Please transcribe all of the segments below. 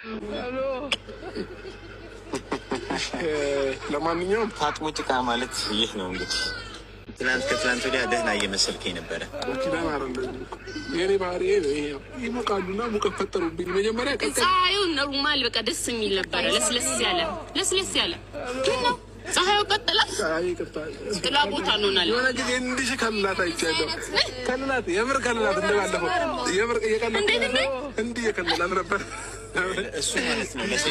ለማንኛውም ታጥቦ ጭቃ ማለት ይህ ነው እንግዲህ። ትናንት ከትናንት ወዲያ ደህና እየመሰልከኝ ነበረ። የኔ ባህሪ ይሞቃሉና ሙቀት ፈጠሩብኝ። መጀመሪያ ፀሐዩ ሩማል በቃ ደስ የሚል ነበረ፣ ለስለስ ያለ ለስለስ ያለ ነው ፀሐዩ ጥላ ቦታ እንሆናለን። የሆነ ጊዜ እንዲህ ከልላት አይቻለሁ። ከልላት የምር ከልላት እንደባለፈው የምር እንዲህ የከልላት ነበር።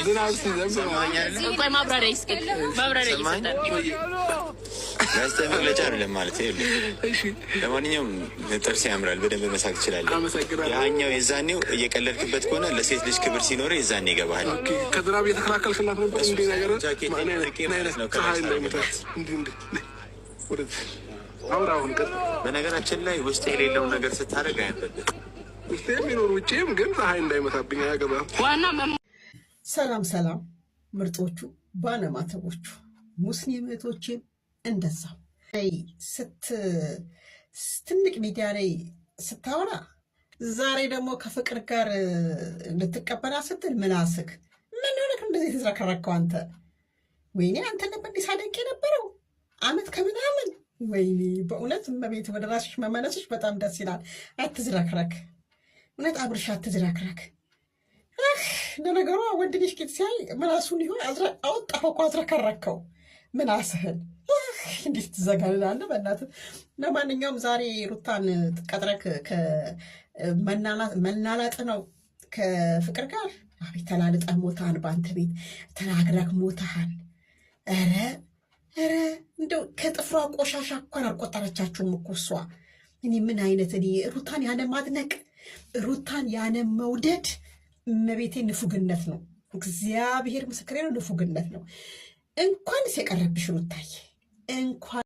ዝናብ ሲዘንብ ማብራሪያ ይስጥ ማብራሪያ ይሰጣል። ጋዜጣዊ መግለጫ አይደለም ማለት ለማንኛውም ጥርስ ያምራል። በደንብ መሳቅ ትችላለህ። ያኛው የዛኔው እየቀለድክበት ከሆነ ለሴት ልጅ ክብር ሲኖር የዛኔ ይገባል። ከዝናብ እየተከላከልክላት በነገራችን ላይ ውስጥ የሌለውን ነገር ስታደርግ አያበልም። ውስጥ የሚኖር ውጭም ግን ፀሐይ እንዳይመታብኝ አያገባም። ሰላም ሰላም፣ ምርጦቹ ባለማተቦቹ ሙስሊም እህቶቼም እንደዛ ትልቅ ሚዲያ ላይ ስታወራ ዛሬ ደግሞ ከፍቅር ጋር ልትቀበላ ስትል ምናስክ ምን ሆነህ እንደዚህ የተዝረከረከው አንተ? ወይኔ አንተ ነበር እንዲህ ሳደንቅ የነበረው አመት ከምናምን ወይኔ በእውነት እመቤት ወደ ራስሽ መመለስሽ በጣም ደስ ይላል። አትዝረክረክ፣ እውነት አብርሽ አትዝረክረክ። ለነገሯ ወንድ ልጅ ሲያይ ምላሱን ይሆን አወጣኸው እኮ አዝረከረከው ምላስህን እንዴት ትዘጋልላለህ? በእናትህ ለማንኛውም ዛሬ ሩታን ቀጥረክ መናላጥ ነው ከፍቅር ጋር አቤት ተላልጠህ ሞታን በአንተ ቤት ተናግረክ ሞታሃል። ኧረ ኧረ እንደው ከጥፍሯ ቆሻሻ እንኳን አልቆጠረቻችሁም እኮ እሷ። እኔ ምን አይነት እኔ ሩታን ያነ ማድነቅ ሩታን ያነ መውደድ እመቤቴ ንፉግነት ነው። እግዚአብሔር ምስክሬ ነው፣ ንፉግነት ነው። እንኳንስ የቀረብሽ ሩታዬ inquire